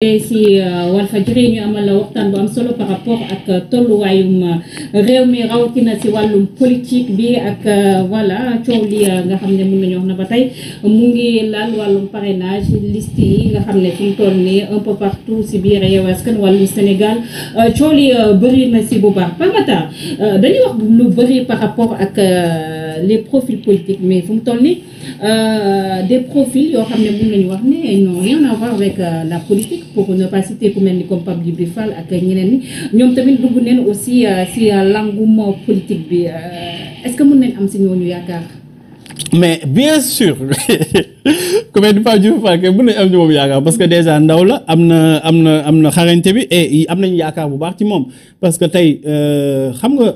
si euh, Walfadjri ñu amal waxtaan bu am solo par rapport ak euh, tolluwaayum euh, réew mi rawatina si wàllum politique bi ak voilà coow li nga xam ne mën nañu wax na ba tey mu ngi laal wàllum parrainage liste yi nga xam ne fi mu toll nii un peu partout si biir Yewwi Askan Wàllu Sénégal coow li bëri na si bu baax Pape Makhtar dañuy wax lu bëri par rapport ak. Euh, les profils politiques mais fu mu toll nii euh, de profils yoo xam ne mën nañu wax ne ñoo rien à voir euh, la politique pour ne pas ku mel ni comme Pape Fall ak ñeneen ñi ñoom tamit dugg neen aussi si langum politique bi est que mën nañ am si yaakaar. mais bien sûr comme ni Pape Djibril moom yaakaar parce que déjà ndaw la am na am na am na xarañte bi am nañu yaakaar bu baax ci moom parce que tey xam nga.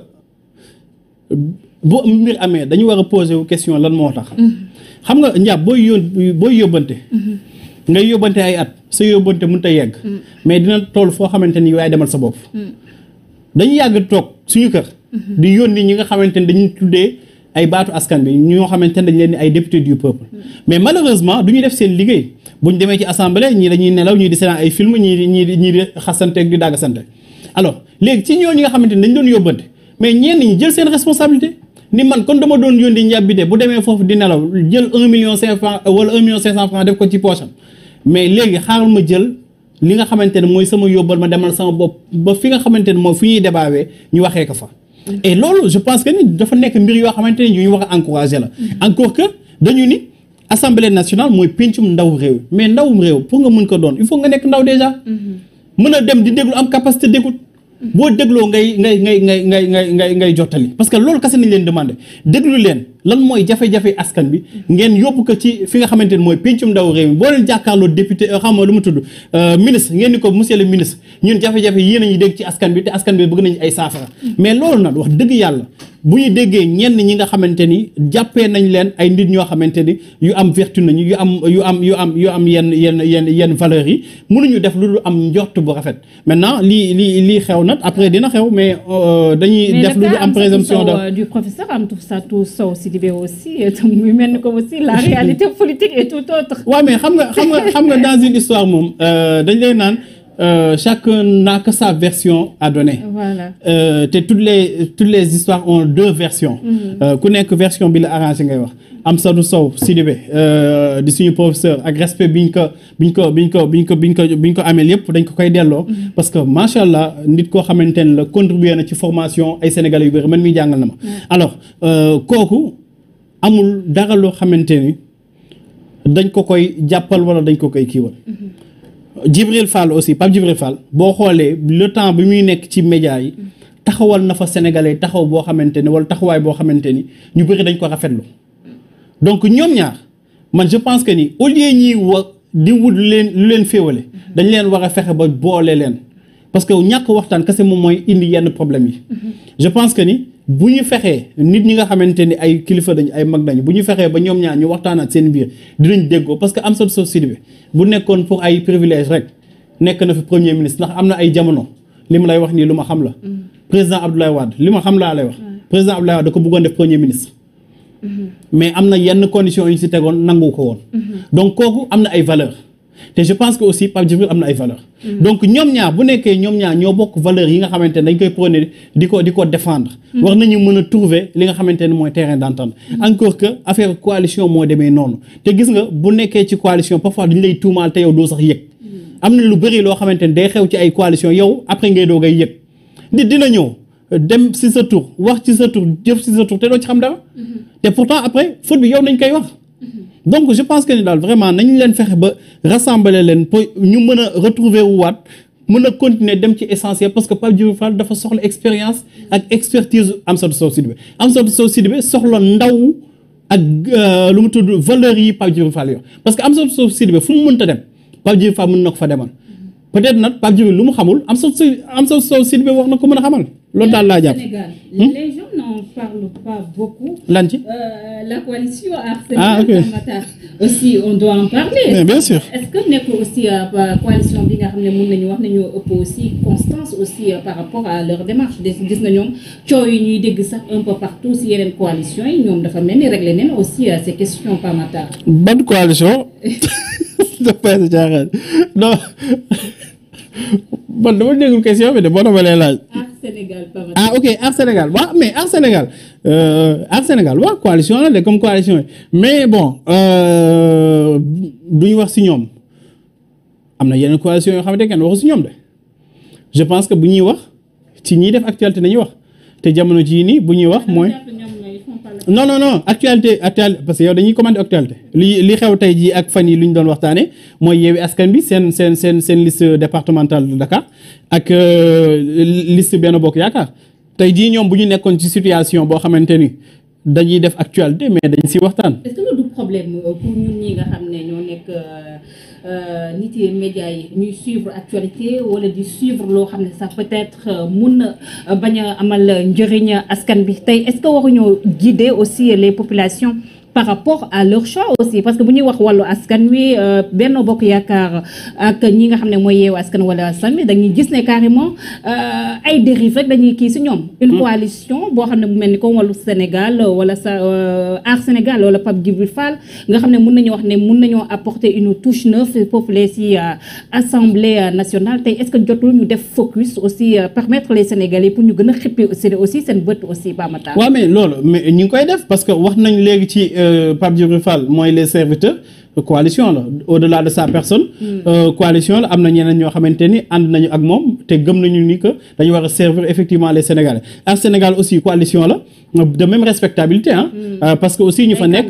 bu mbir amee dañu war a poser wu question lan moo tax. Mm-hmm. xam nga njàpp booy yóbbu booy yóbbante. Mm-hmm. ngay yóbbante ay at sa yóbbante mun a yegg. Mm-hmm. mais dina tool foo xamante ni waaye demal sa bopp. dañu yàgg toog suñu kër. di yónni ñi nga xamante ni dañuy tuddee ay baatu askan bi ñoo xamante ne dañ leen ay député du peuple. mais malheureusement du def seen liggéey bu ñu demee ci assemblée ñii dañuy nelaw ñii di seetaan ay film ñii di ñii di ñii di xasante ak di dàggasante alors léegi ci ñi nga xamante ni dañ doon yóbbante mais ñeen ñi jël seen responsabilité. ni man kon dama doon yónni njàbbite bu demee foofu di nelaw jël un million cinq franc wala un million cinq cent def ko ci poosam mais léegi xaaral ma jël li nga xamante ne mooy sama yóbbal ma demal sama bopp ba fi nga xamante ne mooy fi ñuy débaawee ñu waxee ko fa et je pense que dafa nekk mbir yoo xamante ne ñu wax a encouragé la encore que dañu ni assemblée nationale mooy pencum ndaw réew mais ndawum réew pour nga mën ko doon il faut nga nekk ndaw déjà mm-hmm. mën a dem di déglu am capacité d'écoute boo dégloo ngay ngay ngay ngay ngay ngay ngay ngay jottali parce que loolu kese nañ leen demandé déglu leen lan mooy jafe-jafe askan bi ngeen yóbbu ko ci fi nga xamante ni mooy pencum ndaw réew mi boo leen jàkkaarloo député euh, xam nga lu mu tudd euh, ministre ngeen ni ko monsieur ministre ñun jafe-jafe yii nañu dégg ci askan bi te askan bi bëgg nañu ay saafara mais loolu nag wax dëgg yàlla bu ñu déggee ñenn ñi nga xamante ni jàppee nañ leen ay nit ñoo xamante ni yu am vertu nañu yu am yu am yu am yu am yenn yenn yenn yenn valeurs yi mënuñu def lu dul am njort bu rafet maintenant lii lii lii xew nag après dina xew mais euh, dañuy def lu am présomption de participer aussi euh, mel ni comme aussi la réalité politique est xam nga xam nga xam nga dans une histoire moom euh, dañ lay naan euh, chacun n'a que sa version à donner. voilà te toutes les toutes les histoires ont deux versions. Mm-hmm. ku nekk version bi la arrangé ngay wax. am Amsadou Sow Sidibé di suñu professeur ak respect biñ ko biñ ko biñ ko biñ ko biñ ko biñ ko ameel yëpp dañ ko koy delloo. Mm-hmm. parce que macha allah nit koo xamante ne la contribué na ci formation ay sénégalais yu bëri man mi jàngal na ma. Mm-hmm. alors kooku. amul dara loo xamante ni dañ ko koy jàppal wala dañ ko koy kiiwal. Djibril Fall aussi Pape Djibril Fall boo xoolee le temps bi muy nekk ci média yi taxawal na fa sénégalais taxaw boo xamante ne wala taxawaay boo xamante ni ñu bëri dañ ko rafetlu donc ñoom ñaar man je pense que ni au lieu ñi wa di wut leen lu leen féewale dañ leen war a fexe ba boole leen parce que ñàkk waxtaan kese moom mooy indi yenn problème yi je pense que ni bu ñu fexee nit ñi nga xamante ni ay kilifa dañ ay mag dañu bu ñu fexee ba ñoom ñaar ñu waxtaanaat seen biir dinañ déggoo parce que Amsatou Sow Sidibé bu nekkoon pour ay privilège rek nekk na fi premier ministre ndax am na ay jamono li ma lay wax nii lu ma xam la. Mm. président Abdoulaye Wade li ma xam laa lay wax. Mm. président Abdoulaye Wade da ko bëggoon def premier ministre. Mm-hmm. mais am na yenn conditions yu si tegoon nangu ko woon. Mm-hmm. donc kooku am na ay valeurs. te je pense que aussi Pape Djibril am na ay valeur mm. donc ñoom ñaa bu nekkee ñoom ñaar ñoo bokk valeur yi nga xamante ne koy prôner di ko di ko défendre mm. war nañu mën a trouver li nga xamante ne mooy terrain d'entente mm. encore que affaire coalition moo demee noonu te gis nga bu nekkee ci coalition parfois dañ lay tuumaal te yow doo sax yëg am na lu bëri loo xamante ne day xew ci ay coalition yow après ngay doog ay yëg nit dina ñëw dem si sa tur wax ci sa tur jëf si sa tur te doo ci xam dara mm-hmm. te pourtant après faute yow nañ koy wax donc je pense que ni daal vraiment nañu leen fexe ba rassembler leen pour ñu mën a retrouver wu waat mën a continuer dem ci essentiel parce que Pape Djibril Fall dafa soxla expérience ak expertise Amsatou Sow Sidibé Amsatou Sow Sidibé soxla ndaw ak euh, lu mu tudd valeur yi Pape Djibril Fall yor parce que am Amsatou Sow Sidibé fu mu mënta dem Pape Djibril Fall mën na ko fa demal peut-être nag Pape Djibril lu mu xamul am Amsatou Sow Sidibé wax na ko mën a xamal loolu daal laa jàpp. Hmm? les gens n'en parlent pas beaucoup. lan ci euh, la coalition Aar Sénégal ah, Matar aussi on doit en parler. mais bien sûr est-ce que nekk aussi euh, euh, coalition bi nga xam ne mun nañu wax nañu ëpp aussi constance aussi par rapport à leur démarche gis na ñoom coow yi ñuy dégg sax un peu partout si yeneen coalition yi ñoom dafa mel ni réglé nañ aussi ces questions Pape Matar. ban coalition. non man dama déggul question bi de boo dama lay laaj. Ah, Sénégal ah ok Aar Sénégal waaw mais Aar Sénégal euh, Aar Sénégal waaw coalition la de comme coalition yi mais bon euh, du ñu wax si ñoom am na yenn coalition yoo xam ne kenn waxu si ñoom de je pense que bu ñuy wax ci ñiy def actualité nañuy wax te jamono jii nii bu ñuy wax mooy. non non non actualité actualité parce que yow dañuy commandé actualité li li xew tey jii ak fan yi lu ñu doon waxtaanee mooy yeewi askan bi seen seen seen seen liste départementale de Dakar ak euh, liste benn bokk yaakaar tey jii ñoom bu ñu nekkoon ci situation boo xamante ni dañuy def actualité mais dañ si waxtaan. est pour ñun ñi nga xam ne ñoo nekk. Euh, Euh, nit yi médias yi ñuy suivre actualité wala di suivre loo xam ne sax peut-être euh, mun na euh, bañ a amal njëriñ askan bi tey est-ce que waruñoo guider aussi les populations par rapport à leur choix aussi parce que bu ñuy wax wàllu askan wi euh, Benno Bokk Yaakaar ak ñi nga xam ne mooy yeewu askan wala askan wi dañuy gis ne carrément euh, ay dérive rek dañuy kii si ñoom une hmm. coalition boo xam ne bu mel ni comme wàllu Sénégal wala sa euh, Aar Sénégal wala Pape Djibril Fall nga xam ne mun nañu wax ne mun nañoo apporter une touche neuve populaire si assemblée nationale tey est-ce que jotul ñu def focus aussi permettre les yi pour ñu gën a xippi aussi seen bët aussi Bamata waaw mais Euh, Pape Djibril Fall mooy la de sa personne. Mm. Euh, coalition la am na ñeneen ñoo xamante ni ànd nañu ak moom te gëm nañu ni que dañu war a servir effectivement les Sénégalais ak Sénégal aussi coalition la de même respectabilité ah. parce que aussi ñu fa nekk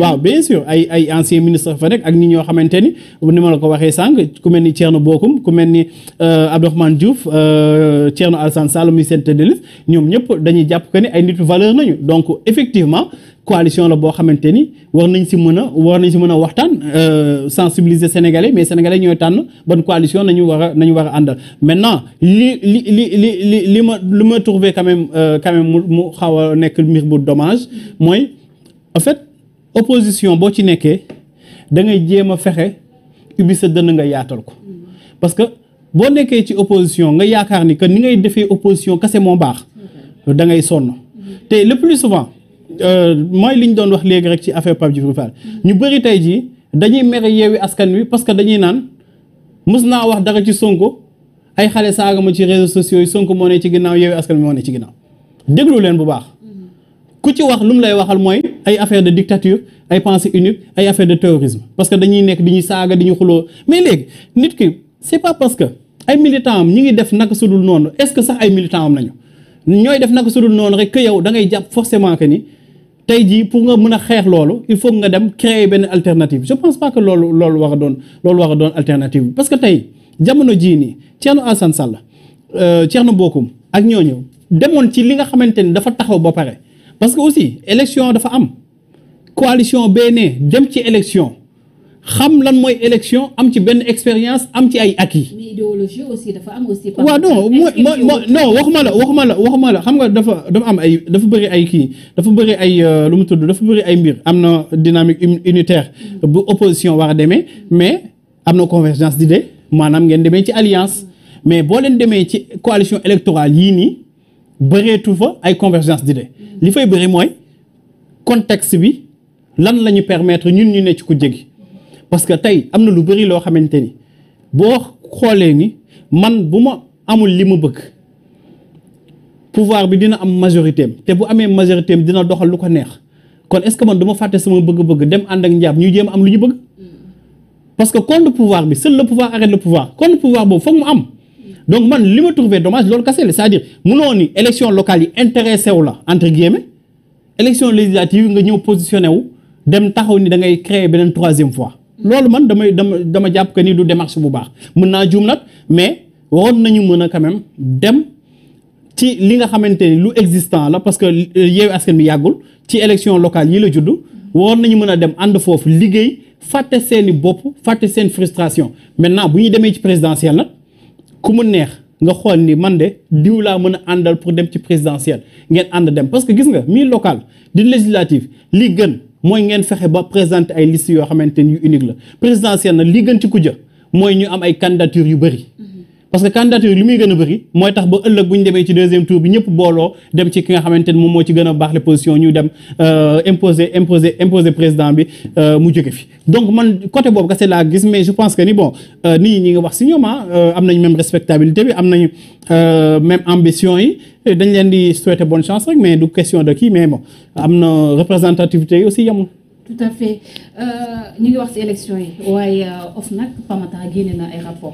waaw bien sûr ay ay anciens ministres fa nekk ak nit ñoo xamante ni ni ma la ko waxee sànq ku mel ni Thierno Bocoum ku mel ni Abdourahmane Diouf Thierno Alassane Sall muy seen tête de liste ñoom ñëpp dañuy jàpp que ni ay nit valeur nañu donc effectivement. coalition la boo xamante ni war nañ si mën a war nañ si mën a waxtaan euh, sensibiliser sénégalais mais sénégalais ñooy tànn ban coalition nañu war nañu war àndal maintenant li li li li li li ma li ma trouver euh, quand même mu mu xaw a nekk mbir bu domage mooy en fait opposition boo ci nekkee da ngay jéem a fexe ubbi sa dënn nga yaatal ko parce que boo nekkee ci opposition nga yaakaar ni que ni ngay defee opposition kese moo baax dangay sonn te le plus souvent Euh, mooy li ñu doon wax léegi rek ci affaire Pape Djibril Fall mm-hmm. ñu bëri tey jii dañuy mere yeewi askan wi parce que dañuy naan mës naa wax dara ci Sonko ay xale saaga ma ci réseaux sociaux yi Sonko moo ne ci ginnaaw yeewi askan wi moo ne ci ginnaaw déglu leen bu baax mm-hmm. ku ci wax lu mu lay waxal mooy ay affaire de dictature ay pensée unique ay affaire de terrorisme parce que dañuy nekk di ñu saaga di ñu xuloo mais léegi nit ki c'est pas parce que ay militants am ñi ngi def naka sudul noonu est-ce que sax ay militants am nañu ñooy def naka sudul noonu rek yow da ngay jàpp forcément que ni tey jii pour nga mën a xeex loolu il faut nga dem créer benn alternative je pense pas que loolu loolu war a doon loolu war a doon alternative bi parce jamono jii nii Thierno Alassane Sall euh, Thierno Bocoum ak ñooñu demoon ci li nga xamante ni dafa taxaw ba pare parce que aussi élection dafa am coalition bee dem ci élection. xam lan mooy élection am ci benn expérience am ci ay acquis. mais idéologie aussi dafa am aussi. waaw non non waxuma la waxuma la waxuma la xam nga dafa dafa am ay dafa bëri ay kii dafa bëri ay euh, lu mu tudd dafa bëri ay mbir am na dynamique unitaire bu opposition war a demee mais am na convergence de maanaam ngeen demee ci alliance mais boo leen demee ci coalition électorale yii nii bëreetu fa ay convergence de li fay bëri mooy contexte bi lan la ñu permettre ñun ñu ne ci ku jegi parce que tey am na lu bëri loo xamante ni boo xoolee ni man bu ma amul li ma bëgg pouvoir bi dina am majorité te bu amee majorité am dina doxal lu ko neex kon est-ce que man du fàtte sama bëgg-bëgg dem ànd ak njaab ñu jéem am lu ñu bëgg parce que contre pouvoir bi seul la pouvoir arrête le pouvoir contre pouvoir boobu foog mu am donc man li ma trouvé dommage loolu kese la c'est-à-dire munoo ni élection local yi intéressé wu la entre guillemets élection législative nga ñëw positionné wu dem taxaw ni da ngay créer beneen fois loolu man damay dama dama jàpp que ni du démarche bu baax mën naa juum nag mais waroon nañu mën a quand dem ci li nga xamante ni lu existant la parce que euh, yeewu askan bi yàggul ci élection locale yi la juddu waroon nañu mën a dem ànd foofu liggéey fàtte seeni bopp fàtte seen frustration maintenant bu ñu demee ci présidentielle nag ku mu neex nga xool ni man de diw laa mën a àndal pour dem ci présidentielle ngeen ànd dem parce que gis nga mi local di législative li gën mooy ngeen fexe ba présenter ay liste yoo xamante ni yu unique la présidentielle nag li gën ci mooy ñu am ay candidature yu bëri parce que candidature li muy gën a bëri mooy tax ba ëllëg bu ñu demee ci deuxième tour bi ñëpp booloo dem ci ki nga xamante ni moo ci gën a baax le position ñu dem euh, imposer imposer imposer président bi euh, mu jóge fi donc man côté boobu kese laa gis mais je pense que ni bon euh, nit ñi ñi nga wax si ñoom ah, am nañ même respectabilité bi am nañu même ambition yi dañ leen di souhaiter bonne chance rek mais du question de kii mais bon am na représentativité yi aussi yamul tout à fait ñu ngi wax ci yi waaye OFNAC PAMATA génne ay rapport